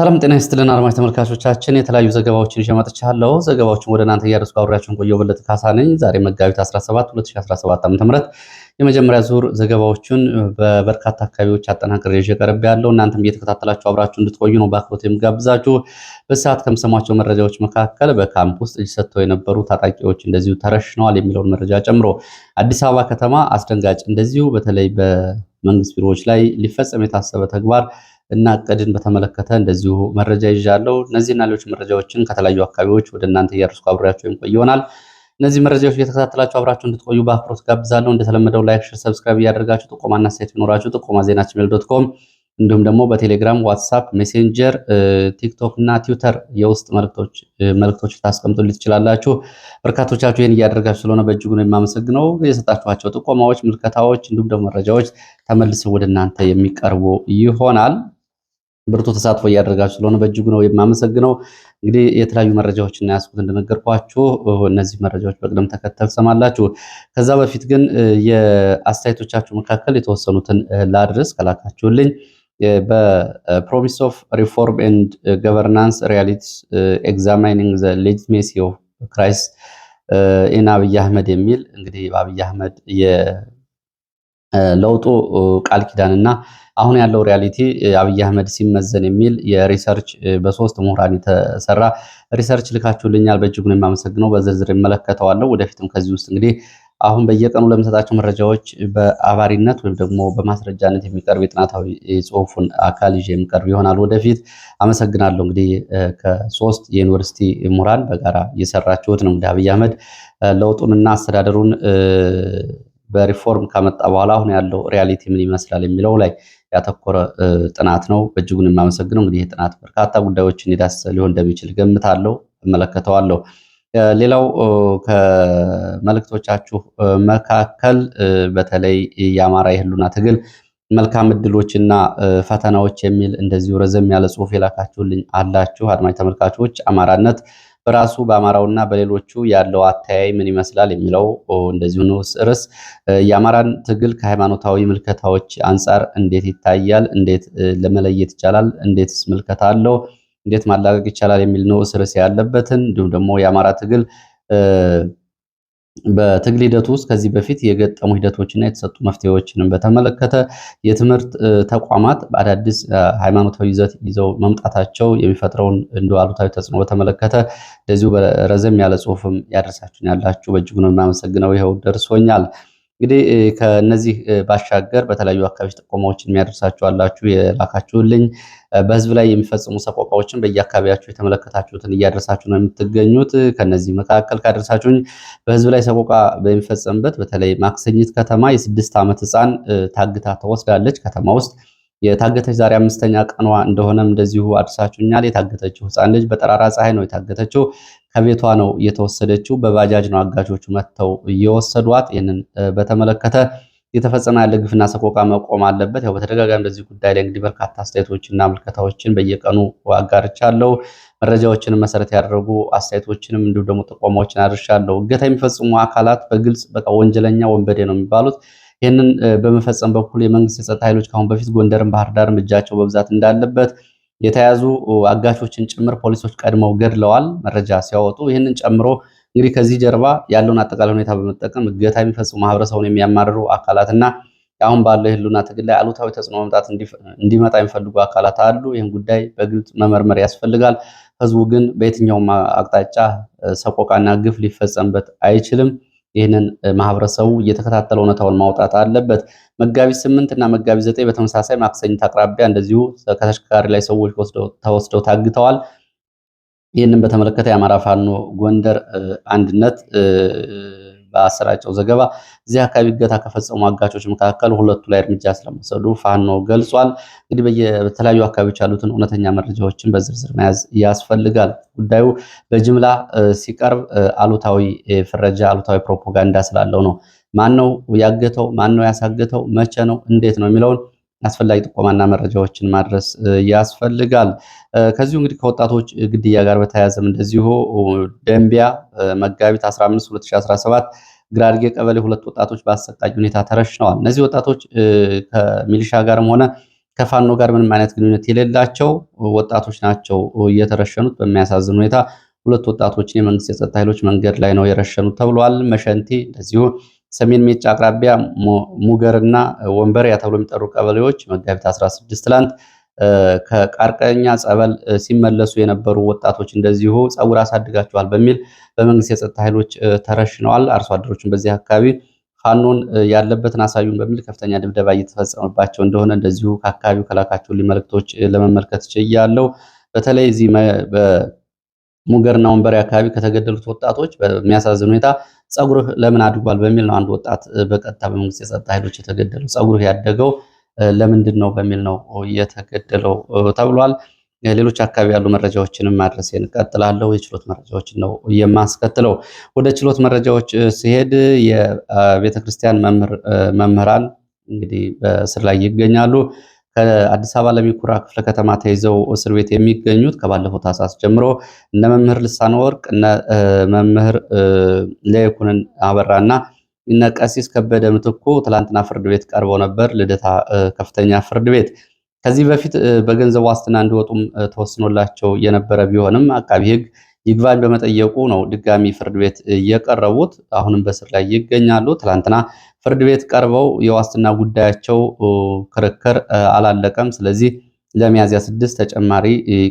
ሰላም ጤና ይስጥልን አድማጭ ተመልካቾቻችን፣ የተለያዩ ዘገባዎችን ይዤ መጥቻለሁ። ዘገባዎችን ወደ እናንተ እያደረስኩ አብሬያችሁን ቆየሁ። በለጠ ካሳ ነኝ። ዛሬ መጋቢት 17 2017 ዓ.ም የመጀመሪያ ዙር ዘገባዎቹን በበርካታ አካባቢዎች አጠናቅሬ ይዤ ቀርብ ያለው እናንተም እየተከታተላችሁ አብራችሁ እንድትቆዩ ነው በአክብሮት የምጋብዛችሁ። በሰዓት ከምሰማቸው መረጃዎች መካከል በካምፕ ውስጥ እጅ ሰጥተው የነበሩ ታጣቂዎች እንደዚሁ ተረሽነዋል የሚለውን መረጃ ጨምሮ አዲስ አበባ ከተማ አስደንጋጭ እንደዚሁ በተለይ በመንግስት ቢሮዎች ላይ ሊፈጸም የታሰበ ተግባር እና እቅድን በተመለከተ እንደዚሁ መረጃ ይዣለሁ። እነዚህና ሌሎች መረጃዎችን ከተለያዩ አካባቢዎች ወደ እናንተ እያደረስኩ አብሬያቸው የምቆይ ይሆናል። እነዚህ መረጃዎች እየተከታተላችሁ አብራችሁ እንድትቆዩ በአክብሮት ጋብዛለሁ። እንደተለመደው ላይክ፣ ሼር፣ ሰብስክራይብ እያደርጋችሁ ጥቆማና አስተያየት ቢኖራችሁ ጥቆማ ዜና ጂሜል ዶት ኮም እንዲሁም ደግሞ በቴሌግራም ዋትሳፕ፣ ሜሴንጀር፣ ቲክቶክ እና ትዊተር የውስጥ መልእክቶች ታስቀምጡልኝ ትችላላችሁ። በርካቶቻችሁ ይህን እያደረጋችሁ ስለሆነ በእጅጉ ነው የማመሰግነው። የሰጣችኋቸው ጥቆማዎች፣ ምልከታዎች እንዲሁም ደግሞ መረጃዎች ተመልሰው ወደ እናንተ የሚቀርቡ ይሆናል። ብርቱ ተሳትፎ እያደረጋችሁ ስለሆነ በእጅጉ ነው የማመሰግነው። እንግዲህ የተለያዩ መረጃዎችን ያስኩት እንደነገርኳችሁ እነዚህ መረጃዎች በቅደም ተከተል ሰማላችሁ። ከዛ በፊት ግን የአስተያየቶቻችሁ መካከል የተወሰኑትን ላድርስ ከላካችሁልኝ። በፕሮሚስ ኦፍ ሪፎርም ኤንድ ገቨርናንስ ሪያሊቲስ ኤግዛማይኒንግ ዘ ኦፍ ክራይስት ኢን አብይ አህመድ የሚል እንግዲህ በአብይ አህመድ ለውጡ ቃል ኪዳንና አሁን ያለው ሪያሊቲ አብይ አህመድ ሲመዘን የሚል የሪሰርች በሶስት ምሁራን የተሰራ ሪሰርች ልካችሁልኛል። በእጅጉ ነው የማመሰግነው። በዝርዝር ይመለከተዋለሁ። ወደፊትም ከዚህ ውስጥ እንግዲህ አሁን በየቀኑ ለምሰጣቸው መረጃዎች በአባሪነት ወይም ደግሞ በማስረጃነት የሚቀርብ የጥናታዊ ጽሁፉን አካል ይዤ የሚቀርብ ይሆናል ወደፊት። አመሰግናለሁ። እንግዲህ ከሶስት የዩኒቨርሲቲ ምሁራን በጋራ እየሰራችሁት ነው እንግዲህ አብይ አህመድ ለውጡንና አስተዳደሩን በሪፎርም ከመጣ በኋላ አሁን ያለው ሪያሊቲ ምን ይመስላል የሚለው ላይ ያተኮረ ጥናት ነው። በእጅጉን የማመሰግነው። እንግዲህ ጥናት በርካታ ጉዳዮችን የዳሰሰ ሊሆን እንደሚችል ገምታለሁ፣ እመለከተዋለሁ። ሌላው ከመልእክቶቻችሁ መካከል በተለይ የአማራ የህሉና ትግል መልካም እድሎችና ፈተናዎች የሚል እንደዚሁ ረዘም ያለ ጽሁፍ የላካችሁልኝ አላችሁ። አድማጭ ተመልካቾች አማራነት በራሱ በአማራውና በሌሎቹ ያለው አተያይ ምን ይመስላል የሚለው እንደዚሁ ንዑስ ርዕስ የአማራን ትግል ከሃይማኖታዊ ምልከታዎች አንጻር እንዴት ይታያል፣ እንዴት ለመለየት ይቻላል፣ እንዴትስ ምልከታ አለው፣ እንዴት ማላቀቅ ይቻላል የሚል ንዑስ ርዕስ ያለበትን እንዲሁም ደግሞ የአማራ ትግል በትግል ሂደቱ ውስጥ ከዚህ በፊት የገጠሙ ሂደቶችና የተሰጡ መፍትሄዎችንም በተመለከተ የትምህርት ተቋማት በአዳዲስ ሃይማኖታዊ ይዘት ይዘው መምጣታቸው የሚፈጥረውን እንደ አሉታዊ ተጽዕኖ በተመለከተ እንደዚሁ ረዘም ያለ ጽሁፍም ያደርሳችሁን ያላችሁ በእጅጉ ነው ይኸው ደርሶኛል። እንግዲህ ከነዚህ ባሻገር በተለያዩ አካባቢዎች ጥቆማዎችን የሚያደርሳችሁ አላችሁ፣ የላካችሁልኝ በህዝብ ላይ የሚፈጽሙ ሰቆቃዎችን በየአካባቢያችሁ የተመለከታችሁትን እያደረሳችሁ ነው የምትገኙት። ከነዚህ መካከል ካደረሳችሁኝ በህዝብ ላይ ሰቆቃ በሚፈጸምበት በተለይ ማክሰኝት ከተማ የስድስት ዓመት ህፃን ታግታ ተወስዳለች ከተማ ውስጥ የታገተች ዛሬ አምስተኛ ቀኗ እንደሆነም እንደዚሁ አድርሳችሁኛል። የታገተችው ህፃን ልጅ በጠራራ ፀሐይ ነው የታገተችው። ከቤቷ ነው እየተወሰደችው። በባጃጅ ነው አጋቾቹ መጥተው እየወሰዷት። ይህንን በተመለከተ የተፈጸመ ያለ ግፍና ሰቆቃ መቆም አለበት። ያው በተደጋጋሚ በዚህ ጉዳይ ላይ እንግዲህ በርካታ አስተያየቶችና ምልከታዎችን በየቀኑ አጋርቻለሁ። መረጃዎችንም መሰረት ያደረጉ አስተያየቶችንም እንዲሁም ደግሞ ጥቆማዎችን አድርሻለሁ። እገታ የሚፈጽሙ አካላት በግልጽ በቃ ወንጀለኛ ወንበዴ ነው የሚባሉት ይህንን በመፈጸም በኩል የመንግስት የጸጥታ ኃይሎች ከአሁን በፊት ጎንደርን፣ ባህር ዳርም እጃቸው በብዛት እንዳለበት የተያዙ አጋቾችን ጭምር ፖሊሶች ቀድመው ገድለዋል መረጃ ሲያወጡ። ይህንን ጨምሮ እንግዲህ ከዚህ ጀርባ ያለውን አጠቃላይ ሁኔታ በመጠቀም እገታ የሚፈጽሙ ማህበረሰቡን የሚያማርሩ አካላት እና አሁን ባለው የህልውና ትግል ላይ አሉታዊ ተጽዕኖ መምጣት እንዲመጣ የሚፈልጉ አካላት አሉ። ይህን ጉዳይ በግልጽ መመርመር ያስፈልጋል። ህዝቡ ግን በየትኛውም አቅጣጫ ሰቆቃና ግፍ ሊፈጸምበት አይችልም። ይህንን ማህበረሰቡ እየተከታተለ እውነታውን ማውጣት አለበት። መጋቢት ስምንት እና መጋቢት ዘጠኝ በተመሳሳይ ማክሰኝት አቅራቢያ እንደዚሁ ከተሽከርካሪ ላይ ሰዎች ተወስደው ታግተዋል። ይህንን በተመለከተ የአማራ ፋኖ ጎንደር አንድነት በአሰራጨው ዘገባ እዚህ አካባቢ እገታ ከፈጸሙ አጋቾች መካከል ሁለቱ ላይ እርምጃ ስለመውሰዱ ፋኖ ገልጿል። እንግዲህ በተለያዩ አካባቢዎች ያሉትን እውነተኛ መረጃዎችን በዝርዝር መያዝ ያስፈልጋል። ጉዳዩ በጅምላ ሲቀርብ አሉታዊ ፍረጃ፣ አሉታዊ ፕሮፓጋንዳ ስላለው ነው። ማን ነው ያገተው? ማን ነው ያሳገተው? መቼ ነው? እንዴት ነው የሚለውን አስፈላጊ ጥቆማና መረጃዎችን ማድረስ ያስፈልጋል። ከዚሁ እንግዲህ ከወጣቶች ግድያ ጋር በተያያዘም እንደዚሁ ደንቢያ መጋቢት 15 2017 ግራድጌ ቀበሌ ሁለት ወጣቶች በአሰቃቂ ሁኔታ ተረሽነዋል። እነዚህ ወጣቶች ከሚሊሻ ጋርም ሆነ ከፋኖ ጋር ምንም አይነት ግንኙነት የሌላቸው ወጣቶች ናቸው እየተረሸኑት። በሚያሳዝን ሁኔታ ሁለት ወጣቶችን የመንግስት የጸጥታ ኃይሎች መንገድ ላይ ነው የረሸኑት ተብሏል። መሸንቲ እንደዚሁ ሰሜን ሜጫ አቅራቢያ ሙገርና ወንበሪያ ተብሎ የሚጠሩ ቀበሌዎች መጋቢት 16 ትላንት ከቃርቀኛ ጸበል ሲመለሱ የነበሩ ወጣቶች እንደዚሁ ጸጉር አሳድጋቸዋል በሚል በመንግስት የጸጥታ ኃይሎች ተረሽነዋል። አርሶ አደሮችን በዚህ አካባቢ ፋኖን ያለበትን አሳዩን በሚል ከፍተኛ ድብደባ እየተፈጸመባቸው እንደሆነ እንደዚሁ ከአካባቢው ከላካቸው ሊመልክቶች ለመመልከት ችያለው። በተለይ እዚህ በሙገርና ወንበሬ አካባቢ ከተገደሉት ወጣቶች በሚያሳዝን ሁኔታ ጸጉርህ ለምን አድጓል በሚል ነው አንድ ወጣት በቀጥታ በመንግስት የጸጥታ ኃይሎች የተገደለው። ጸጉርህ ያደገው ለምንድን ነው በሚል ነው የተገደለው ተብሏል። ሌሎች አካባቢ ያሉ መረጃዎችንም ማድረስ እንቀጥላለሁ። የችሎት መረጃዎችን ነው የማስከትለው። ወደ ችሎት መረጃዎች ሲሄድ የቤተክርስቲያን መምህራን እንግዲህ በእስር ላይ ይገኛሉ። ከአዲስ አበባ ለሚ ኩራ ክፍለ ከተማ ተይዘው እስር ቤት የሚገኙት ከባለፈው ታህሳስ ጀምሮ እነ መምህር ልሳነ ወርቅ እነ መምህር ለይኩንን አበራና እነ ቀሲስ ከበደ ምትኩ ትላንትና ፍርድ ቤት ቀርበው ነበር። ልደታ ከፍተኛ ፍርድ ቤት ከዚህ በፊት በገንዘብ ዋስትና እንዲወጡም ተወስኖላቸው የነበረ ቢሆንም አቃቢ ሕግ ይግባኝ በመጠየቁ ነው ድጋሚ ፍርድ ቤት እየቀረቡት አሁንም በስር ላይ ይገኛሉ። ትላንትና ፍርድ ቤት ቀርበው የዋስትና ጉዳያቸው ክርክር አላለቀም። ስለዚህ ለሚያዝያ 6 ተጨማሪ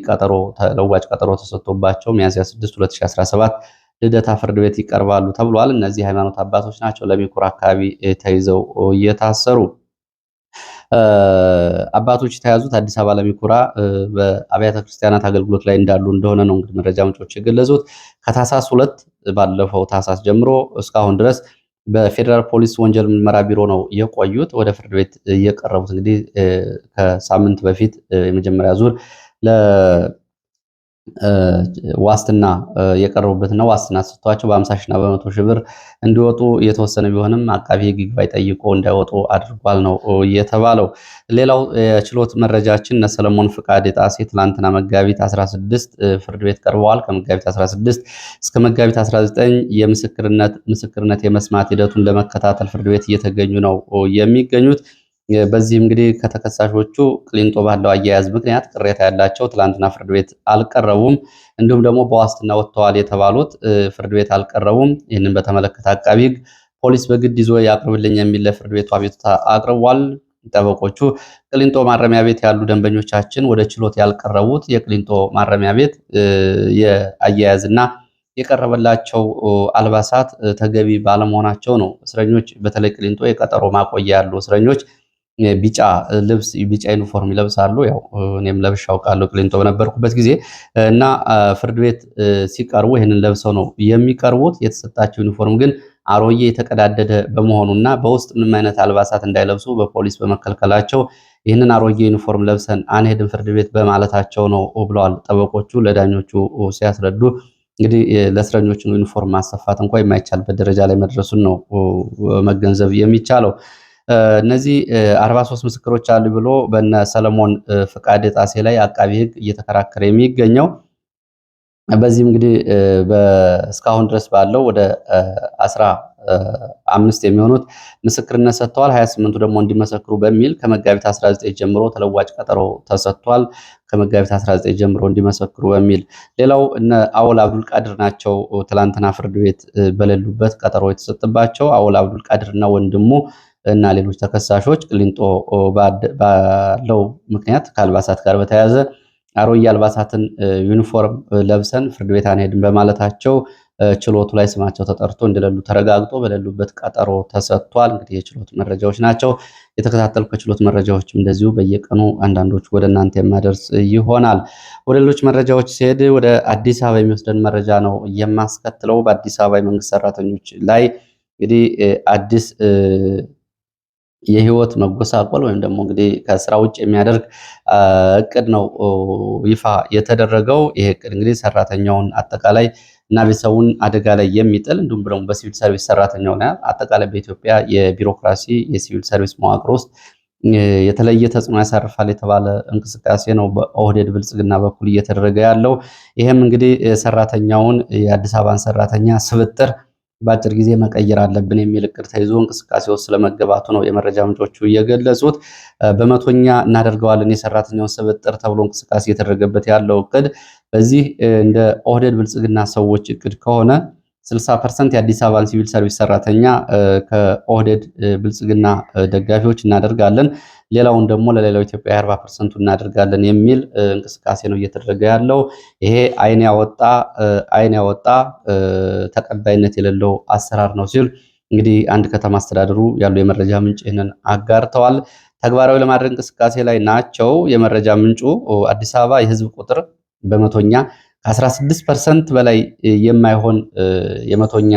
ቀጠሮ ተለዋጭ ቀጠሮ ተሰጥቶባቸው ሚያዝያ 6 2017 ልደታ ፍርድ ቤት ይቀርባሉ ተብሏል። እነዚህ ሃይማኖት አባቶች ናቸው ለሚኩር አካባቢ ተይዘው እየታሰሩ አባቶች የተያዙት አዲስ አበባ ለሚኩራ በአብያተ ክርስቲያናት አገልግሎት ላይ እንዳሉ እንደሆነ ነው እንግዲህ መረጃ ምንጮች የገለጹት። ከታሳስ ሁለት ባለፈው ታሳስ ጀምሮ እስካሁን ድረስ በፌዴራል ፖሊስ ወንጀል ምርመራ ቢሮ ነው የቆዩት። ወደ ፍርድ ቤት የቀረቡት እንግዲህ ከሳምንት በፊት የመጀመሪያ ዙር ዋስትና የቀረቡበትና ዋስትና ተሰጥቷቸው በአምሳ ሺና በመቶ ሺህ ብር እንዲወጡ የተወሰነ ቢሆንም አቃቢ ሕግ ይግባኝ ጠይቆ እንዳይወጡ አድርጓል ነው የተባለው። ሌላው የችሎት መረጃችን ነሰለሞን ሰለሞን ፍቃድ የጣሴ ትላንትና መጋቢት 16 ፍርድ ቤት ቀርበዋል። ከመጋቢት 16 እስከ መጋቢት 19 የምስክርነት ምስክርነት የመስማት ሂደቱን ለመከታተል ፍርድ ቤት እየተገኙ ነው የሚገኙት። በዚህም እንግዲህ ከተከሳሾቹ ቅሊንጦ ባለው አያያዝ ምክንያት ቅሬታ ያላቸው ትላንትና ፍርድ ቤት አልቀረቡም። እንዲሁም ደግሞ በዋስትና ወጥተዋል የተባሉት ፍርድ ቤት አልቀረቡም። ይህንን በተመለከተ አቃቢ ሕግ ፖሊስ በግድ ይዞ ያቅርብልኝ የሚል ለፍርድ ቤቱ አቤቱታ አቅርቧል። ጠበቆቹ ቅሊንጦ ማረሚያ ቤት ያሉ ደንበኞቻችን ወደ ችሎት ያልቀረቡት የቅሊንጦ ማረሚያ ቤት የአያያዝና የቀረበላቸው አልባሳት ተገቢ ባለመሆናቸው ነው። እስረኞች በተለይ ቅሊንጦ የቀጠሮ ማቆያ ያሉ እስረኞች ቢጫ ልብስ ቢጫ ዩኒፎርም ይለብሳሉ። ያው እኔም ለብሼ አውቃለሁ ቅሊንጦ በነበርኩበት ጊዜ እና ፍርድ ቤት ሲቀርቡ ይህንን ለብሰው ነው የሚቀርቡት። የተሰጣቸው ዩኒፎርም ግን አሮጌ የተቀዳደደ በመሆኑ እና በውስጥ ምንም አይነት አልባሳት እንዳይለብሱ በፖሊስ በመከልከላቸው ይህንን አሮጌ ዩኒፎርም ለብሰን አንሄድም ፍርድ ቤት በማለታቸው ነው ብለዋል ጠበቆቹ ለዳኞቹ ሲያስረዱ። እንግዲህ ለእስረኞችን ዩኒፎርም ማሰፋት እንኳ የማይቻልበት ደረጃ ላይ መድረሱን ነው መገንዘብ የሚቻለው። እነዚህ አርባ ሶስት ምስክሮች አሉ ብሎ በነ ሰለሞን ፍቃድ ጣሴ ላይ አቃቢ ህግ እየተከራከረ የሚገኘው በዚህ እንግዲህ እስካሁን ድረስ ባለው ወደ አስራ አምስት የሚሆኑት ምስክርነት ሰጥተዋል። 28 28ቱ ደግሞ እንዲመሰክሩ በሚል ከመጋቢት 19 ጀምሮ ተለዋጭ ቀጠሮ ተሰጥቷል። ከመጋቢት 19 ጀምሮ እንዲመሰክሩ በሚል ሌላው እነ አወል አብዱልቃድር ናቸው። ትላንትና ፍርድ ቤት በሌሉበት ቀጠሮ የተሰጥባቸው አውል አብዱልቃድር እና ወንድሙ እና ሌሎች ተከሳሾች ቅሊንጦ ባለው ምክንያት ከአልባሳት ጋር በተያያዘ አሮጌ አልባሳትን ዩኒፎርም ለብሰን ፍርድ ቤት አንሄድም በማለታቸው ችሎቱ ላይ ስማቸው ተጠርቶ እንደሌሉ ተረጋግጦ በሌሉበት ቀጠሮ ተሰጥቷል። እንግዲህ የችሎት መረጃዎች ናቸው የተከታተሉ። ከችሎት መረጃዎችም እንደዚሁ በየቀኑ አንዳንዶቹ ወደ እናንተ የማደርስ ይሆናል። ወደ ሌሎች መረጃዎች ሲሄድ ወደ አዲስ አበባ የሚወስደን መረጃ ነው የማስከትለው። በአዲስ አበባ የመንግስት ሰራተኞች ላይ እንግዲህ አዲስ የህይወት መጎሳቆል ወይም ደግሞ እንግዲህ ከስራ ውጭ የሚያደርግ እቅድ ነው ይፋ የተደረገው። ይሄ እቅድ እንግዲህ ሰራተኛውን አጠቃላይ እና ቤተሰቡን አደጋ ላይ የሚጥል እንዲሁም ደግሞ በሲቪል ሰርቪስ ሰራተኛውን አጠቃላይ በኢትዮጵያ የቢሮክራሲ የሲቪል ሰርቪስ መዋቅር ውስጥ የተለየ ተጽዕኖ ያሳርፋል የተባለ እንቅስቃሴ ነው በኦህዴድ ብልጽግና በኩል እየተደረገ ያለው። ይህም እንግዲህ ሰራተኛውን የአዲስ አበባን ሰራተኛ ስብጥር በአጭር ጊዜ መቀየር አለብን የሚል እቅድ ተይዞ እንቅስቃሴ ውስጥ ስለመገባቱ ነው የመረጃ ምንጮቹ እየገለጹት። በመቶኛ እናደርገዋለን የሰራተኛውን ስብጥር ተብሎ እንቅስቃሴ እየተደረገበት ያለው እቅድ በዚህ እንደ ኦህደድ ብልጽግና ሰዎች እቅድ ከሆነ 60 ፐርሰንት የአዲስ አበባን ሲቪል ሰርቪስ ሰራተኛ ከኦህደድ ብልጽግና ደጋፊዎች እናደርጋለን፣ ሌላውን ደግሞ ለሌላው ኢትዮጵያ 40 ፐርሰንቱ እናደርጋለን የሚል እንቅስቃሴ ነው እየተደረገ ያለው። ይሄ አይን ያወጣ አይን ያወጣ ተቀባይነት የሌለው አሰራር ነው ሲል እንግዲህ አንድ ከተማ አስተዳደሩ ያሉ የመረጃ ምንጭ ይህንን አጋርተዋል። ተግባራዊ ለማድረግ እንቅስቃሴ ላይ ናቸው። የመረጃ ምንጩ አዲስ አበባ የህዝብ ቁጥር በመቶኛ ከ16 ፐርሰንት በላይ የማይሆን የመቶኛ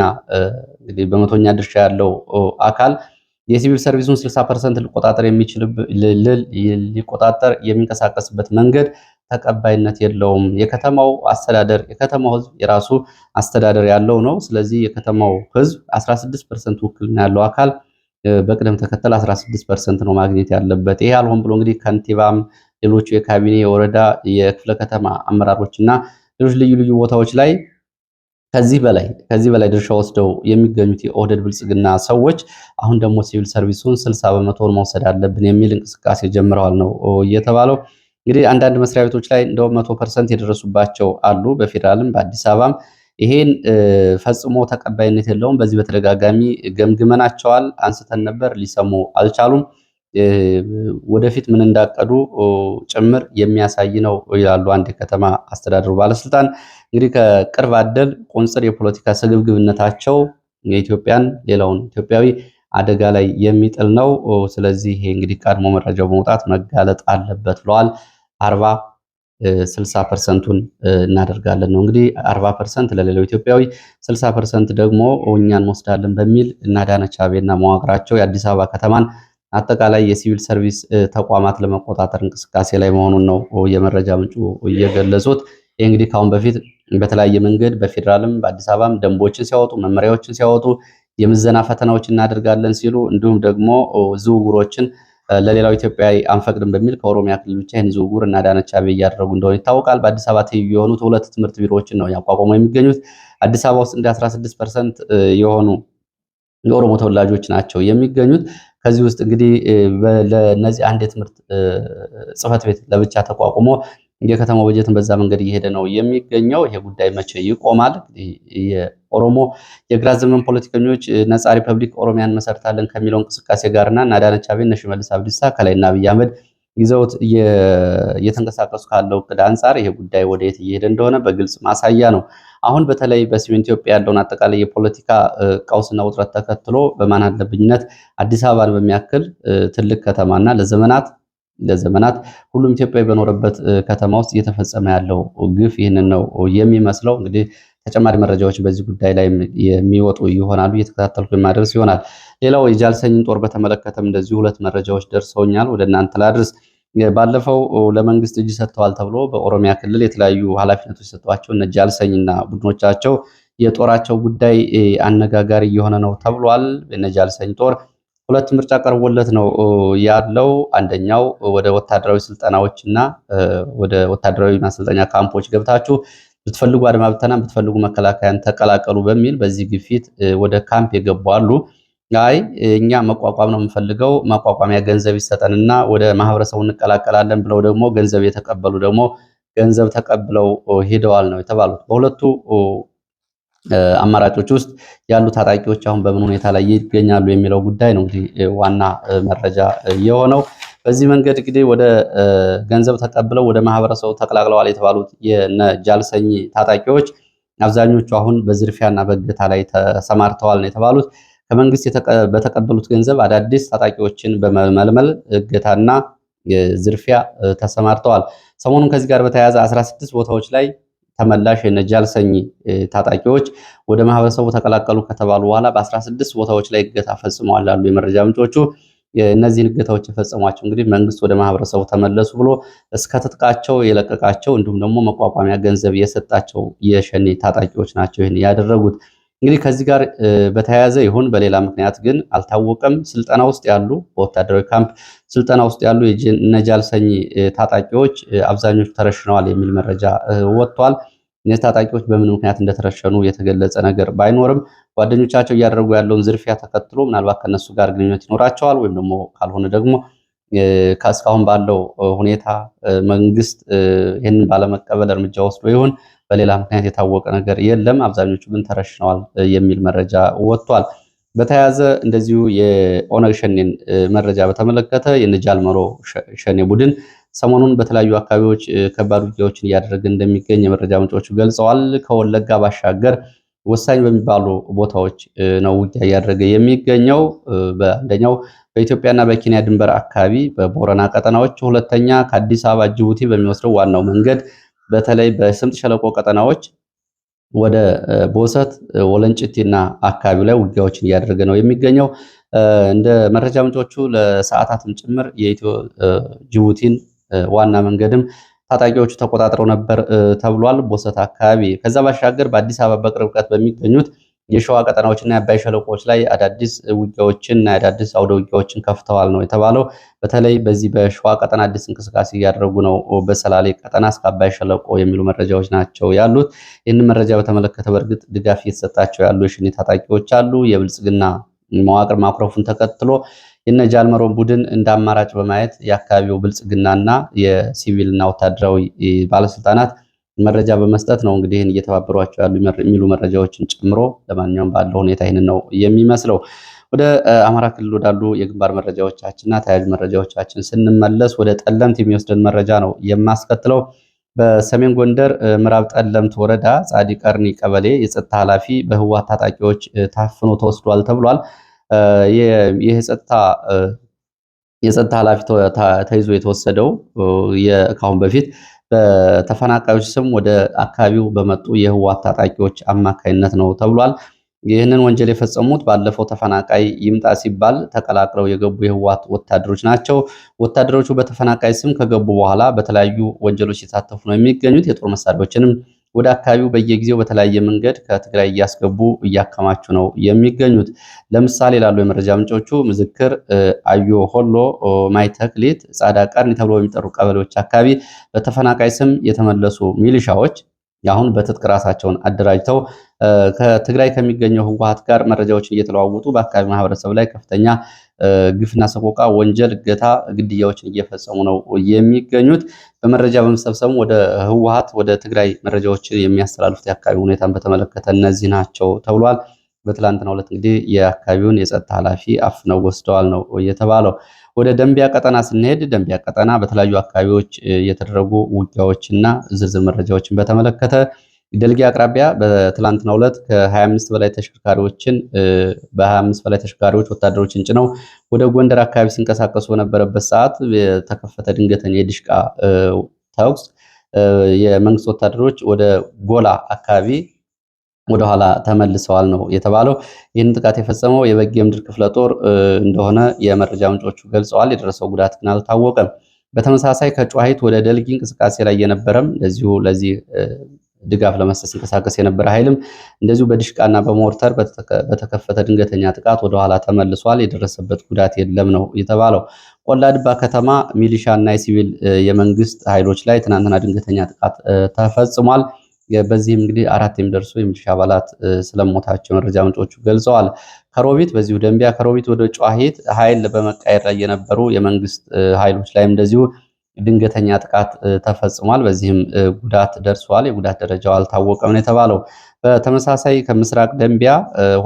እንግዲህ በመቶኛ ድርሻ ያለው አካል የሲቪል ሰርቪሱን 60 ፐርሰንት ሊቆጣጠር የሚችል ሊቆጣጠር የሚንቀሳቀስበት መንገድ ተቀባይነት የለውም። የከተማው አስተዳደር የከተማው ህዝብ የራሱ አስተዳደር ያለው ነው። ስለዚህ የከተማው ህዝብ 16 ፐርሰንት ውክልና ያለው አካል በቅደም ተከተል 16 ፐርሰንት ነው ማግኘት ያለበት። ይሄ አልሆን ብሎ እንግዲህ ከንቲባም፣ ሌሎቹ የካቢኔ የወረዳ የክፍለ ከተማ አመራሮች እና ሌሎች ልዩ ልዩ ቦታዎች ላይ ከዚህ በላይ ከዚህ በላይ ድርሻ ወስደው የሚገኙት የኦህደድ ብልጽግና ሰዎች አሁን ደግሞ ሲቪል ሰርቪሱን ስልሳ በመቶን መውሰድ አለብን የሚል እንቅስቃሴ ጀምረዋል ነው እየተባለው። እንግዲህ አንዳንድ መስሪያ ቤቶች ላይ እንደ መቶ ፐርሰንት የደረሱባቸው አሉ፣ በፌዴራልም በአዲስ አበባም። ይሄን ፈጽሞ ተቀባይነት የለውም። በዚህ በተደጋጋሚ ገምግመናቸዋል፣ አንስተን ነበር፣ ሊሰሙ አልቻሉም። ወደፊት ምን እንዳቀዱ ጭምር የሚያሳይ ነው ይላሉ አንድ የከተማ አስተዳደሩ ባለስልጣን። እንግዲህ ከቅርብ አደል ቁንጽር የፖለቲካ ስግብግብነታቸው የኢትዮጵያን ሌላውን ኢትዮጵያዊ አደጋ ላይ የሚጥል ነው። ስለዚህ ይሄ እንግዲህ ቀድሞ መረጃው በመውጣት መጋለጥ አለበት ብለዋል። አርባ ስልሳ ፐርሰንቱን እናደርጋለን ነው እንግዲህ አርባ ፐርሰንት ለሌላው ኢትዮጵያዊ ስልሳ ፐርሰንት ደግሞ እኛን እንወስዳለን በሚል እና አዳነች አቤቤና መዋቅራቸው የአዲስ አበባ ከተማን አጠቃላይ የሲቪል ሰርቪስ ተቋማት ለመቆጣጠር እንቅስቃሴ ላይ መሆኑን ነው የመረጃ ምንጩ እየገለጹት። ይህ እንግዲህ ከአሁን በፊት በተለያየ መንገድ በፌዴራልም በአዲስ አበባም ደንቦችን ሲያወጡ መመሪያዎችን ሲያወጡ የምዘና ፈተናዎች እናደርጋለን ሲሉ እንዲሁም ደግሞ ዝውውሮችን ለሌላው ኢትዮጵያዊ አንፈቅድም በሚል ከኦሮሚያ ክልል ብቻ ይህን ዝውውር እና አዳነች አቤቤ እያደረጉ እንደሆነ ይታወቃል። በአዲስ አበባ ትይዩ የሆኑት ሁለት ትምህርት ቢሮዎችን ነው ያቋቋመው የሚገኙት። አዲስ አበባ ውስጥ እንደ 16 ፐርሰንት የሆኑ የኦሮሞ ተወላጆች ናቸው የሚገኙት። ከዚህ ውስጥ እንግዲህ ለእነዚህ አንድ የትምህርት ጽህፈት ቤት ለብቻ ተቋቁሞ የከተማው በጀትን በዛ መንገድ እየሄደ ነው የሚገኘው። ይሄ ጉዳይ መቼ ይቆማል? የኦሮሞ የግራ ዘመን ፖለቲከኞች ነፃ ሪፐብሊክ ኦሮሚያን እንመሰርታለን ከሚለው እንቅስቃሴ ጋርና እነ አዳነች አቤቤ እነ ሽመልስ አብዲሳ ከላይና አብይ አህመድ ይዘውት እየተንቀሳቀሱ ካለው እቅድ አንጻር ይሄ ጉዳይ ወደየት እየሄደ እንደሆነ በግልጽ ማሳያ ነው። አሁን በተለይ በሰሜን ኢትዮጵያ ያለውን አጠቃላይ የፖለቲካ ቀውስና ውጥረት ተከትሎ በማን አለብኝነት አዲስ አበባን በሚያክል ትልቅ ከተማና ለዘመናት ለዘመናት ሁሉም ኢትዮጵያዊ በኖረበት ከተማ ውስጥ እየተፈጸመ ያለው ግፍ ይህንን ነው የሚመስለው። እንግዲህ ተጨማሪ መረጃዎች በዚህ ጉዳይ ላይ የሚወጡ ይሆናሉ። እየተከታተልኩ የማደርስ ይሆናል። ሌላው የጃልሰኝን ጦር በተመለከተም እንደዚሁ ሁለት መረጃዎች ደርሰውኛል፣ ወደ እናንተ ላድርስ። ባለፈው ለመንግስት እጅ ሰጥተዋል ተብሎ በኦሮሚያ ክልል የተለያዩ ኃላፊነቶች ሰጥተዋቸው እነ ጃልሰኝና ቡድኖቻቸው የጦራቸው ጉዳይ አነጋጋሪ እየሆነ ነው ተብሏል። እነ ጃልሰኝ ጦር ሁለት ምርጫ ቀርቦለት ነው ያለው። አንደኛው ወደ ወታደራዊ ስልጠናዎች እና ወደ ወታደራዊ ማሰልጠኛ ካምፖች ገብታችሁ ብትፈልጉ አድማ ብተናን ብትፈልጉ መከላከያን ተቀላቀሉ በሚል በዚህ ግፊት ወደ ካምፕ የገቡ አሉ። አይ እኛ መቋቋም ነው የምፈልገው ማቋቋሚያ ገንዘብ ይሰጠንና ወደ ማህበረሰቡ እንቀላቀላለን ብለው ደግሞ ገንዘብ የተቀበሉ ደግሞ ገንዘብ ተቀብለው ሄደዋል ነው የተባሉት። በሁለቱ አማራጮች ውስጥ ያሉ ታጣቂዎች አሁን በምን ሁኔታ ላይ ይገኛሉ የሚለው ጉዳይ ነው እንግዲህ ዋና መረጃ የሆነው። በዚህ መንገድ እንግዲህ ወደ ገንዘብ ተቀብለው ወደ ማህበረሰቡ ተቀላቅለዋል የተባሉት የነ ጃልሰኝ ታጣቂዎች አብዛኞቹ አሁን በዝርፊያና በእገታ ላይ ተሰማርተዋል ነው የተባሉት። ከመንግስት በተቀበሉት ገንዘብ አዳዲስ ታጣቂዎችን በመመልመል እገታና ዝርፊያ ተሰማርተዋል። ሰሞኑን ከዚህ ጋር በተያያዘ 16 ቦታዎች ላይ ተመላሽ የነጃልሰኝ ታጣቂዎች ወደ ማህበረሰቡ ተቀላቀሉ ከተባሉ በኋላ በ16 ቦታዎች ላይ እገታ ፈጽመዋል የመረጃ ምንጮቹ። እነዚህን እገታዎች የፈጸሟቸው እንግዲህ መንግስት ወደ ማህበረሰቡ ተመለሱ ብሎ እስከ ትጥቃቸው የለቀቃቸው እንዲሁም ደግሞ መቋቋሚያ ገንዘብ የሰጣቸው የሸኔ ታጣቂዎች ናቸው ይህን ያደረጉት። እንግዲህ ከዚህ ጋር በተያያዘ ይሁን በሌላ ምክንያት ግን አልታወቀም። ስልጠና ውስጥ ያሉ በወታደራዊ ካምፕ ስልጠና ውስጥ ያሉ የነጃልሰኝ ታጣቂዎች አብዛኞቹ ተረሽነዋል የሚል መረጃ ወጥቷል። እነዚህ ታጣቂዎች በምን ምክንያት እንደተረሸኑ የተገለጸ ነገር ባይኖርም ጓደኞቻቸው እያደረጉ ያለውን ዝርፊያ ተከትሎ ምናልባት ከነሱ ጋር ግንኙነት ይኖራቸዋል ወይም ደግሞ ካልሆነ ደግሞ ከእስካሁን ባለው ሁኔታ መንግስት ይህንን ባለመቀበል እርምጃ ወስዶ ይሆን በሌላ ምክንያት የታወቀ ነገር የለም። አብዛኞቹ ግን ተረሽነዋል የሚል መረጃ ወጥቷል። በተያያዘ እንደዚሁ የኦነግ ሸኔን መረጃ በተመለከተ መሮ ሸኔ ቡድን ሰሞኑን በተለያዩ አካባቢዎች ከባድ ውጊያዎችን እያደረገ እንደሚገኝ የመረጃ ምንጮቹ ገልጸዋል። ከወለጋ ባሻገር ወሳኝ በሚባሉ ቦታዎች ነው ውጊያ እያደረገ የሚገኘው። በአንደኛው በኢትዮጵያና በኬንያ ድንበር አካባቢ በቦረና ቀጠናዎች፣ ሁለተኛ ከአዲስ አበባ ጅቡቲ በሚወስደው ዋናው መንገድ በተለይ በስምጥ ሸለቆ ቀጠናዎች ወደ ቦሰት ወለንጭቲና አካባቢው ላይ ውጊያዎችን እያደረገ ነው የሚገኘው። እንደ መረጃ ምንጮቹ ለሰዓታትም ጭምር የኢትዮ ጅቡቲን ዋና መንገድም ታጣቂዎቹ ተቆጣጥረው ነበር ተብሏል። ቦሰት አካባቢ ከዛ ባሻገር በአዲስ አበባ በቅርብ ርቀት በሚገኙት የሸዋ ቀጠናዎችና የአባይ ሸለቆዎች ላይ አዳዲስ ውጊያዎችን እና አዳዲስ አውደ ውጊያዎችን ከፍተዋል ነው የተባለው። በተለይ በዚህ በሸዋ ቀጠና አዲስ እንቅስቃሴ እያደረጉ ነው፣ በሰላሌ ቀጠና እስከ አባይ ሸለቆ የሚሉ መረጃዎች ናቸው ያሉት። ይህንን መረጃ በተመለከተ በእርግጥ ድጋፍ እየተሰጣቸው ያሉ የሽኔ ታጣቂዎች አሉ። የብልጽግና መዋቅር ማኩረፉን ተከትሎ የነ ጃልመሮን ቡድን እንደ አማራጭ በማየት የአካባቢው ብልጽግናና የሲቪልና ወታደራዊ ባለስልጣናት መረጃ በመስጠት ነው እንግዲህ ይህን እየተባበሯቸው ያሉ የሚሉ መረጃዎችን ጨምሮ ለማንኛውም ባለው ሁኔታ ይህንን ነው የሚመስለው። ወደ አማራ ክልል ወዳሉ የግንባር መረጃዎቻችንና ተያያዥ መረጃዎቻችን ስንመለስ ወደ ጠለምት የሚወስደን መረጃ ነው የማስከትለው። በሰሜን ጎንደር ምዕራብ ጠለምት ወረዳ ጻዲ ቀርኒ ቀበሌ የጸጥታ ኃላፊ በህዋት ታጣቂዎች ታፍኖ ተወስዷል ተብሏል። የጸጥታ ኃላፊ ተይዞ የተወሰደው ከአሁን በፊት በተፈናቃዮች ስም ወደ አካባቢው በመጡ የህወሓት ታጣቂዎች አማካይነት ነው ተብሏል። ይህንን ወንጀል የፈጸሙት ባለፈው ተፈናቃይ ይምጣ ሲባል ተቀላቅለው የገቡ የህወሓት ወታደሮች ናቸው። ወታደሮቹ በተፈናቃይ ስም ከገቡ በኋላ በተለያዩ ወንጀሎች የታተፉ ነው የሚገኙት። የጦር መሳሪያዎችንም ወደ አካባቢው በየጊዜው በተለያየ መንገድ ከትግራይ እያስገቡ እያከማቹ ነው የሚገኙት። ለምሳሌ ላሉ የመረጃ ምንጮቹ ምዝክር፣ አዮ ሆሎ፣ ማይተክሊት፣ ጻዳ ቀርኒ ተብሎ በሚጠሩ ቀበሌዎች አካባቢ በተፈናቃይ ስም የተመለሱ ሚሊሻዎች አሁን በትጥቅ ራሳቸውን አደራጅተው ከትግራይ ከሚገኘው ህወሓት ጋር መረጃዎችን እየተለዋወጡ በአካባቢ ማህበረሰብ ላይ ከፍተኛ ግፍና ሰቆቃ፣ ወንጀል፣ እገታ፣ ግድያዎችን እየፈጸሙ ነው የሚገኙት። በመረጃ በመሰብሰቡ ወደ ህወሀት ወደ ትግራይ መረጃዎችን የሚያስተላልፉት የአካባቢ ሁኔታን በተመለከተ እነዚህ ናቸው ተብሏል። በትላንትና ሁለት እንግዲህ የአካባቢውን የጸጥታ ኃላፊ አፍነው ወስደዋል ነው የተባለው። ወደ ደንቢያ ቀጠና ስንሄድ ደንቢያ ቀጠና በተለያዩ አካባቢዎች የተደረጉ ውጊያዎችና ዝርዝር መረጃዎችን በተመለከተ ደልጊ አቅራቢያ በትላንትናው ዕለት ከ25 በላይ ተሽከርካሪዎችን በ25 በላይ ተሽከርካሪዎች ወታደሮችን ጭነው ወደ ጎንደር አካባቢ ሲንቀሳቀሱ በነበረበት ሰዓት የተከፈተ ድንገተኛ የድሽቃ ተኩስ የመንግስት ወታደሮች ወደ ጎላ አካባቢ ወደኋላ ተመልሰዋል ነው የተባለው። ይህን ጥቃት የፈጸመው የበጌ ምድር ክፍለ ጦር እንደሆነ የመረጃ ምንጮቹ ገልጸዋል። የደረሰው ጉዳት ግን አልታወቀም። በተመሳሳይ ከጨዋሂት ወደ ደልጊ እንቅስቃሴ ላይ የነበረም ለዚሁ ለዚህ ድጋፍ ለመስጠት ሲንቀሳቀስ የነበረ ኃይልም እንደዚሁ በድሽቃና በሞርተር በተከፈተ ድንገተኛ ጥቃት ወደኋላ ተመልሷል። የደረሰበት ጉዳት የለም ነው የተባለው። ቆላድባ ከተማ ሚሊሻና የሲቪል የመንግስት ኃይሎች ላይ ትናንትና ድንገተኛ ጥቃት ተፈጽሟል። በዚህም እንግዲህ አራት የሚደርሱ የሚሊሻ አባላት ስለሞታቸው መረጃ ምንጮቹ ገልጸዋል። ከሮቢት በዚሁ ደንቢያ ከሮቢት ወደ ጨዋሂት ኃይል በመቃየር ላይ የነበሩ የመንግስት ኃይሎች ላይም እንደዚሁ ድንገተኛ ጥቃት ተፈጽሟል። በዚህም ጉዳት ደርሷል። የጉዳት ደረጃው አልታወቀም ነው የተባለው። በተመሳሳይ ከምስራቅ ደንቢያ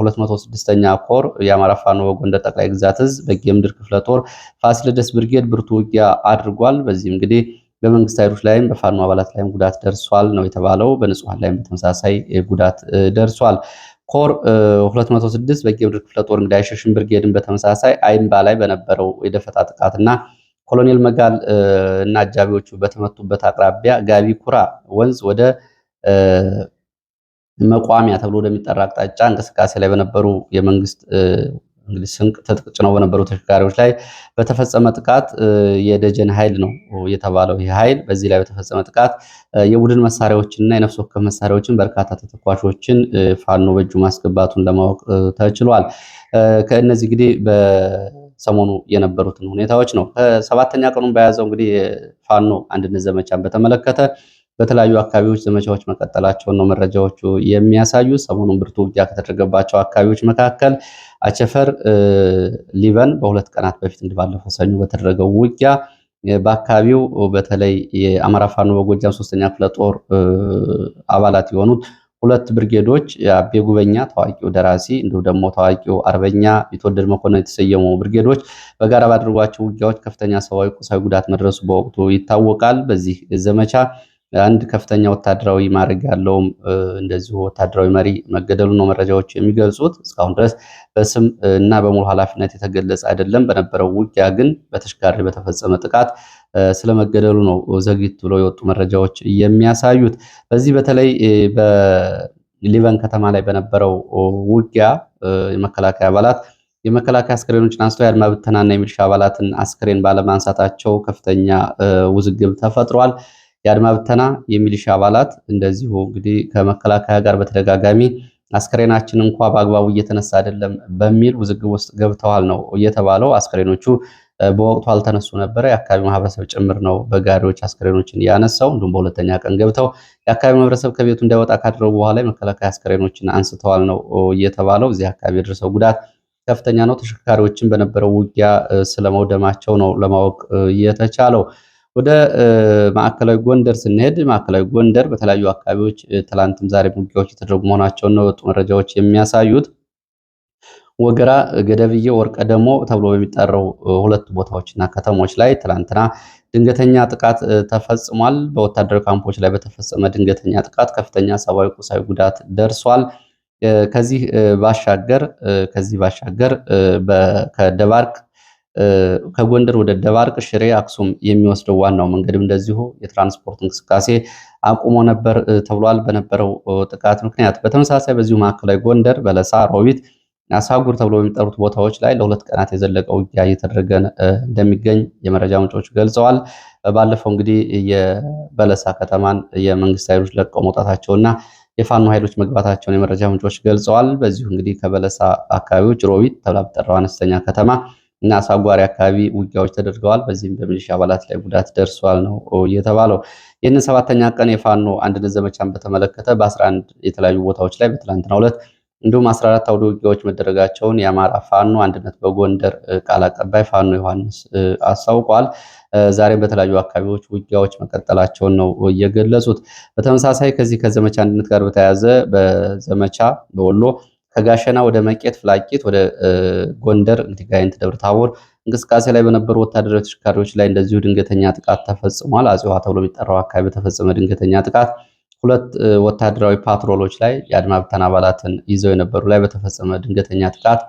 206ኛ ኮር የአማራ ፋኖ ጎንደር ጠቅላይ ግዛት እዝ በጌምድር ክፍለ ጦር ፋሲለደስ ብርጌድ ብርቱ ውጊያ አድርጓል። በዚህም እንግዲህ በመንግስት ኃይሎች ላይም በፋኖ አባላት ላይም ጉዳት ደርሷል ነው የተባለው። በንጹሐን ላይም በተመሳሳይ ጉዳት ደርሷል። ኮር 206 በጌምድር ክፍለ ጦር እንግዲህ አይሸሽም ብርጌድን በተመሳሳይ አይምባ ላይ በነበረው የደፈጣ ጥቃትና ኮሎኔል መጋል እና አጃቢዎቹ በተመቱበት አቅራቢያ ጋቢ ኩራ ወንዝ ወደ መቋሚያ ተብሎ ወደሚጠራ አቅጣጫ እንቅስቃሴ ላይ በነበሩ የመንግስት እንግዲህ ስንቅ ትጥቅ ጭነው በነበሩ ተሽከርካሪዎች ላይ በተፈጸመ ጥቃት የደጀን ኃይል ነው የተባለው። ይህ ኃይል በዚህ ላይ በተፈጸመ ጥቃት የቡድን መሳሪያዎችንና የነፍስ ወከፍ መሳሪያዎችን በርካታ ተተኳሾችን ፋኖ በእጁ ማስገባቱን ለማወቅ ተችሏል። ከእነዚህ እንግዲህ ሰሞኑ የነበሩትን ሁኔታዎች ነው። ሰባተኛ ቀኑን በያዘው እንግዲህ ፋኖ አንድነት ዘመቻን በተመለከተ በተለያዩ አካባቢዎች ዘመቻዎች መቀጠላቸውን ነው መረጃዎቹ የሚያሳዩ። ሰሞኑን ብርቱ ውጊያ ከተደረገባቸው አካባቢዎች መካከል አቸፈር ሊበን በሁለት ቀናት በፊት እንዲባለፈው ሰኞ በተደረገው ውጊያ በአካባቢው በተለይ የአማራ ፋኖ በጎጃም ሶስተኛ ክፍለ ጦር አባላት የሆኑት ሁለት ብርጌዶች የአቤ ጉበኛ ታዋቂው ደራሲ እንዲሁም ደግሞ ታዋቂው አርበኛ የተወደድ መኮንን የተሰየሙ ብርጌዶች በጋራ ባደረጓቸው ውጊያዎች ከፍተኛ ሰብአዊ፣ ቁሳዊ ጉዳት መድረሱ በወቅቱ ይታወቃል። በዚህ ዘመቻ አንድ ከፍተኛ ወታደራዊ ማድረግ ያለውም እንደዚሁ ወታደራዊ መሪ መገደሉ ነው መረጃዎች የሚገልጹት። እስካሁን ድረስ በስም እና በሙሉ ኃላፊነት የተገለጸ አይደለም። በነበረው ውጊያ ግን በተሽካሪ በተፈጸመ ጥቃት ስለመገደሉ ነው ዘግይት ብሎ የወጡ መረጃዎች የሚያሳዩት። በዚህ በተለይ በሊቨን ከተማ ላይ በነበረው ውጊያ የመከላከያ አባላት የመከላከያ አስክሬኖችን አንስቶ የአድማ ብተናና የሚልሻ አባላትን አስክሬን ባለማንሳታቸው ከፍተኛ ውዝግብ ተፈጥሯል። የአድማ ብተና የሚሊሻ አባላት እንደዚሁ እንግዲህ ከመከላከያ ጋር በተደጋጋሚ አስከሬናችን እንኳ በአግባቡ እየተነሳ አይደለም በሚል ውዝግብ ውስጥ ገብተዋል ነው እየተባለው። አስከሬኖቹ በወቅቱ አልተነሱ ነበረ። የአካባቢ ማህበረሰብ ጭምር ነው በጋሪዎች አስከሬኖችን ያነሳው። እንዲሁም በሁለተኛ ቀን ገብተው የአካባቢ ማህበረሰብ ከቤቱ እንዳይወጣ ካደረጉ በኋላ የመከላከያ አስከሬኖችን አንስተዋል ነው እየተባለው። እዚህ አካባቢ የደረሰው ጉዳት ከፍተኛ ነው። ተሽከርካሪዎችን በነበረው ውጊያ ስለመውደማቸው ነው ለማወቅ የተቻለው። ወደ ማዕከላዊ ጎንደር ስንሄድ ማዕከላዊ ጎንደር በተለያዩ አካባቢዎች ትላንትም ዛሬ ውጊያዎች የተደረጉ መሆናቸውን ነው የወጡ መረጃዎች የሚያሳዩት። ወገራ፣ ገደብዬ፣ ወርቀ ደግሞ ተብሎ በሚጠራው ሁለት ቦታዎችና ከተሞች ላይ ትላንትና ድንገተኛ ጥቃት ተፈጽሟል። በወታደራዊ ካምፖች ላይ በተፈጸመ ድንገተኛ ጥቃት ከፍተኛ ሰብአዊ፣ ቁሳዊ ጉዳት ደርሷል። ከዚህ ባሻገር ከዚህ ባሻገር ከደባርቅ ከጎንደር ወደ ደባርቅ፣ ሽሬ፣ አክሱም የሚወስደው ዋናው መንገድም እንደዚሁ የትራንስፖርት እንቅስቃሴ አቁሞ ነበር ተብሏል በነበረው ጥቃት ምክንያት። በተመሳሳይ በዚሁ ማዕከላዊ ጎንደር በለሳ፣ ሮቢት፣ አሳጉር ተብሎ በሚጠሩት ቦታዎች ላይ ለሁለት ቀናት የዘለቀ ውጊያ እየተደረገ እንደሚገኝ የመረጃ ምንጮች ገልጸዋል። ባለፈው እንግዲህ የበለሳ ከተማን የመንግስት ኃይሎች ለቀው መውጣታቸውና የፋኖ ኃይሎች መግባታቸውን የመረጃ ምንጮች ገልጸዋል። በዚሁ እንግዲህ ከበለሳ አካባቢዎች ሮቢት ተብላ በጠራው አነስተኛ ከተማ እና ሳጓሪ አካባቢ ውጊያዎች ተደርገዋል። በዚህም በሚሊሻ አባላት ላይ ጉዳት ደርሷል ነው የተባለው። ይህንን ሰባተኛ ቀን የፋኖ አንድነት ዘመቻን በተመለከተ በ11 የተለያዩ ቦታዎች ላይ በትላንትናው ዕለት እንዲሁም 14 አውደ ውጊያዎች መደረጋቸውን የአማራ ፋኖ አንድነት በጎንደር ቃል አቀባይ ፋኖ ዮሐንስ አስታውቋል። ዛሬም በተለያዩ አካባቢዎች ውጊያዎች መቀጠላቸውን ነው የገለጹት። በተመሳሳይ ከዚህ ከዘመቻ አንድነት ጋር በተያያዘ በዘመቻ በወሎ ከጋሸና ወደ መቄት ፍላቂት ወደ ጎንደር ጋይንት ደብረ ታቦር እንቅስቃሴ ላይ በነበሩ ወታደራዊ ተሽከርካሪዎች ላይ እንደዚሁ ድንገተኛ ጥቃት ተፈጽሟል። አጼዋ ተብሎ የሚጠራው አካባቢ በተፈጸመ ድንገተኛ ጥቃት ሁለት ወታደራዊ ፓትሮሎች ላይ የአድማ ብተና አባላትን ይዘው የነበሩ ላይ በተፈጸመ ድንገተኛ ጥቃት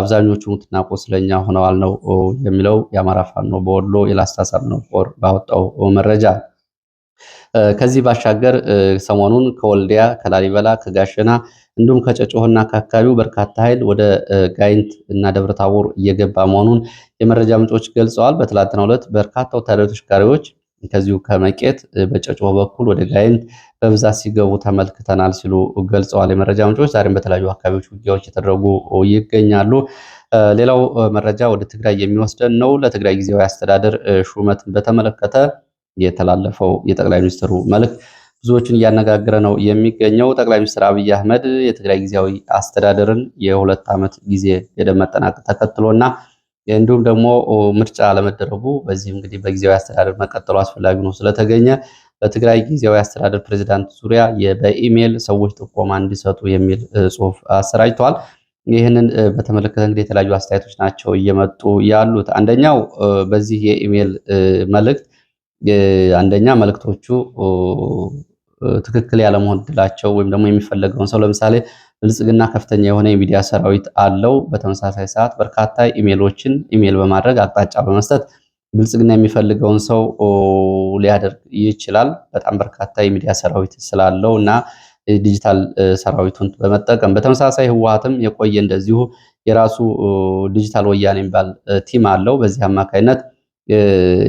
አብዛኞቹ ሙትና ቁስለኛ ሆነዋል ነው የሚለው የአማራ ፋኖ በወሎ የላስታ ሳምነው ጦር ባወጣው መረጃ ከዚህ ባሻገር ሰሞኑን ከወልዲያ ከላሊበላ ከጋሸና እንዲሁም ከጨጮሆና ከአካባቢው በርካታ ኃይል ወደ ጋይንት እና ደብረታቦር እየገባ መሆኑን የመረጃ ምንጮች ገልጸዋል። በትላንትናው ዕለት በርካታ ወታደራዊ ተሽከርካሪዎች ከዚሁ ከመቄት በጨጮሆ በኩል ወደ ጋይንት በብዛት ሲገቡ ተመልክተናል ሲሉ ገልጸዋል የመረጃ ምንጮች። ዛሬም በተለያዩ አካባቢዎች ውጊያዎች የተደረጉ ይገኛሉ። ሌላው መረጃ ወደ ትግራይ የሚወስደን ነው። ለትግራይ ጊዜያዊ አስተዳደር ሹመትን በተመለከተ የተላለፈው የጠቅላይ ሚኒስትሩ መልእክት ብዙዎችን እያነጋገረ ነው የሚገኘው። ጠቅላይ ሚኒስትር አብይ አህመድ የትግራይ ጊዜያዊ አስተዳደርን የሁለት ዓመት ጊዜ ገደብ መጠናቀቅ ተከትሎና እንዲሁም ደግሞ ምርጫ አለመደረጉ በዚህም እንግዲህ በጊዜያዊ አስተዳደር መቀጠሉ አስፈላጊ ነው ስለተገኘ በትግራይ ጊዜያዊ አስተዳደር ፕሬዚዳንት ዙሪያ በኢሜይል ሰዎች ጥቆማ እንዲሰጡ የሚል ጽሁፍ አሰራጅተዋል። ይህንን በተመለከተ እንግዲህ የተለያዩ አስተያየቶች ናቸው እየመጡ ያሉት። አንደኛው በዚህ የኢሜይል መልእክት አንደኛ መልእክቶቹ ትክክል ያለመሆን እድላቸው ወይም ደግሞ የሚፈለገውን ሰው ለምሳሌ ብልጽግና ከፍተኛ የሆነ የሚዲያ ሰራዊት አለው። በተመሳሳይ ሰዓት በርካታ ኢሜሎችን ኢሜል በማድረግ አቅጣጫ በመስጠት ብልጽግና የሚፈልገውን ሰው ሊያደርግ ይችላል። በጣም በርካታ የሚዲያ ሰራዊት ስላለው እና ዲጂታል ሰራዊቱን በመጠቀም በተመሳሳይ ህወሓትም የቆየ እንደዚሁ የራሱ ዲጂታል ወያኔ የሚባል ቲም አለው። በዚህ አማካኝነት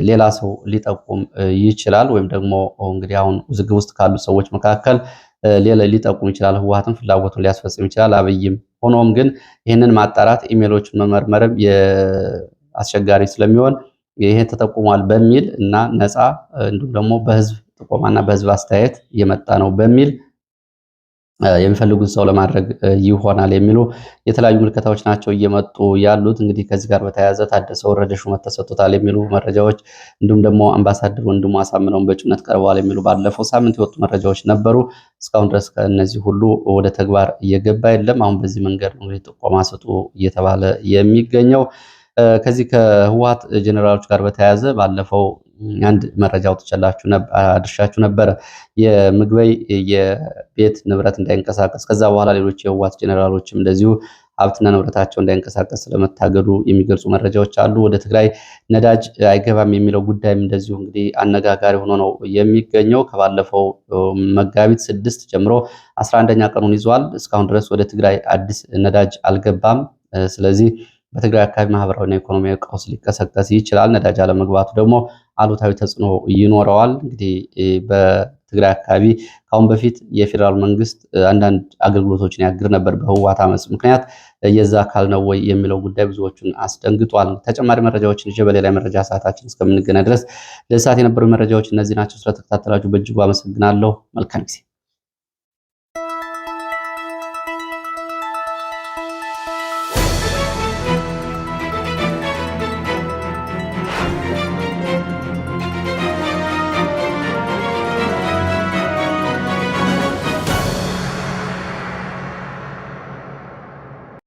ሌላ ሰው ሊጠቁም ይችላል። ወይም ደግሞ እንግዲህ አሁን ውዝግብ ውስጥ ካሉ ሰዎች መካከል ሌላ ሊጠቁም ይችላል። ህወሓትም ፍላጎቱን ሊያስፈጽም ይችላል። አብይም ሆኖም ግን ይህንን ማጣራት ኢሜሎችን መመርመርም አስቸጋሪ ስለሚሆን ይሄ ተጠቁሟል በሚል እና ነፃ እንዲሁም ደግሞ በህዝብ ጥቆማና በህዝብ አስተያየት እየመጣ ነው በሚል የሚፈልጉት ሰው ለማድረግ ይሆናል የሚሉ የተለያዩ ምልከታዎች ናቸው እየመጡ ያሉት። እንግዲህ ከዚህ ጋር በተያያዘ ታደሰ ወረደ ሹመት ተሰጥቶታል የሚሉ መረጃዎች እንዲሁም ደግሞ አምባሳደር ወንድሙ አሳምነውን በእጩነት ቀርበዋል የሚሉ ባለፈው ሳምንት የወጡ መረጃዎች ነበሩ። እስካሁን ድረስ ከእነዚህ ሁሉ ወደ ተግባር እየገባ የለም። አሁን በዚህ መንገድ ነው ጥቆማ ስጡ እየተባለ የሚገኘው። ከዚህ ከህወሓት ጀኔራሎች ጋር በተያያዘ ባለፈው አንድ መረጃ አውጥቼላችሁ አድርሻችሁ ነበረ። የምግበይ የቤት ንብረት እንዳይንቀሳቀስ ከዛ በኋላ ሌሎች የህወሓት ጄኔራሎችም እንደዚሁ ሀብትና ንብረታቸው እንዳይንቀሳቀስ ስለመታገዱ የሚገልጹ መረጃዎች አሉ። ወደ ትግራይ ነዳጅ አይገባም የሚለው ጉዳይም እንደዚሁ እንግዲህ አነጋጋሪ ሆኖ ነው የሚገኘው። ከባለፈው መጋቢት ስድስት ጀምሮ አስራ አንደኛ ቀኑን ይዟል። እስካሁን ድረስ ወደ ትግራይ አዲስ ነዳጅ አልገባም። ስለዚህ በትግራይ አካባቢ ማህበራዊና ኢኮኖሚያዊ ቀውስ ሊቀሰቀስ ይችላል። ነዳጅ አለመግባቱ ደግሞ አሉታዊ ተጽዕኖ ይኖረዋል። እንግዲህ በትግራይ አካባቢ ከአሁን በፊት የፌዴራል መንግስት አንዳንድ አገልግሎቶችን ያግር ነበር በህዋት አመፅ ምክንያት። የዛ አካል ነው ወይ የሚለው ጉዳይ ብዙዎቹን አስደንግጧል። ተጨማሪ መረጃዎችን ይዤ በሌላ መረጃ ሰዓታችን እስከምንገናኝ ድረስ ለሰዓት የነበሩ መረጃዎች እነዚህ ናቸው። ስለተከታተላችሁ በእጅጉ አመሰግናለሁ። መልካም ጊዜ